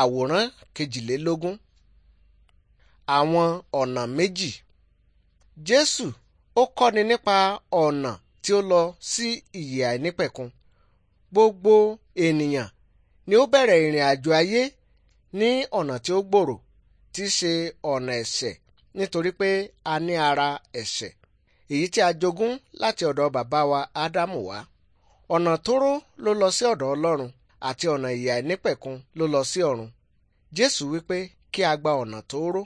àwòrán kejìlélógún àwọn ọ̀nà méjì jésù ó kọ́ni nípa ọ̀nà tí ó lọ sí ìyè àìnípẹ̀kun gbogbo ènìyàn ni ó bẹ̀rẹ̀ ìrìn àjò ayé ní ọ̀nà tí ó gbòòrò tí í ṣe ọ̀nà ẹ̀ṣẹ̀ nítorí pé a ní ara ẹ̀ṣẹ̀ èyí tí a jogún láti ọ̀dọ̀ bàbá wa ádámù wá ọ̀nà tóóró ló lọ sí ọ̀dọ̀ ọlọ́run àti ọ̀nà ìyà nípẹ̀kun ló lọ sí ọ̀run. Jésù wípé kí a gba ọ̀nà tóóró.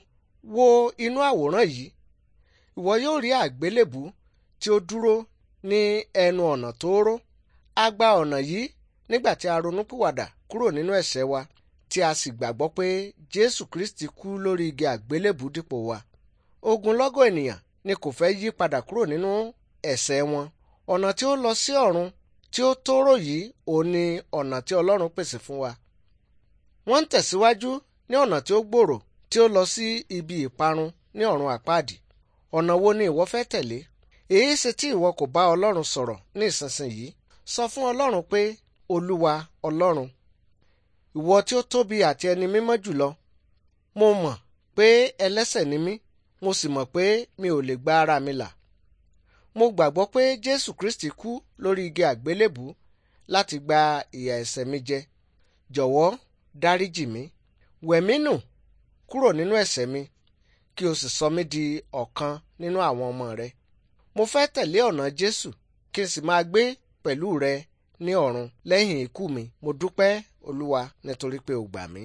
Wo inú àwòrán yìí. Ìwọ yóò rí àgbélébù tí ó dúró ní ẹnu ọ̀nà tóóró. A gba ọ̀nà yìí nígbà tí a ronúpìwàdà kúrò nínú ẹ̀ṣẹ̀ wa tí a sì gbàgbọ́ pé Jésù Kristi kú lórí igi àgbélébù dípò wa. Ogunlọ́gọ̀ ènìyàn ni kò fẹ́ yí padà kúrò nínú ẹ̀ṣẹ̀ wọn. Ọ̀nà tí ó lọ sí ọ̀run tí ó tóró yìí òun ni ọ̀nà tí Ọlọ́run pèsè fún wa. Wọ́n ń tẹ̀síwájú ní ọ̀nà tí ó gbòòrò tí ó lọ sí ibi ìparun ní ọ̀run àpáàdì. Ọ̀nà wo ni ìwọ fẹ́ tẹ̀lé? Èyí ṣe tí ìwọ kò bá Ọlọ́run sọ̀rọ̀ ní ìsinsìnyí. Sọ fún Ọlọ́run pé Olúwa Ọlọ́run. Ìwọ tí ó tóbi àti ẹni mímọ́ jùlọ. Mo mọ̀ pé ẹlẹ́ṣẹ̀ ni mí, mo sì mọ̀ pé mi ò lè gba ara mi là mo gbàgbọ́ pé jésù kristi kú lórí igi àgbélébù láti gba ìyà ẹ̀ṣẹ̀ mi jẹ jọ̀wọ́ dáríjì mi wẹ̀ mí nù kúrò nínú ẹ̀ṣẹ̀ mi kí o sì sọ mí di ọ̀kan nínú àwọn ọmọ rẹ mo fẹ́ tẹ̀lé ọ̀nà jésù kí n sì máa gbé pẹ̀lú rẹ ní ọ̀run lẹ́yìn ikú mi mo dúpẹ́ olúwa nítorí pé o gbà mí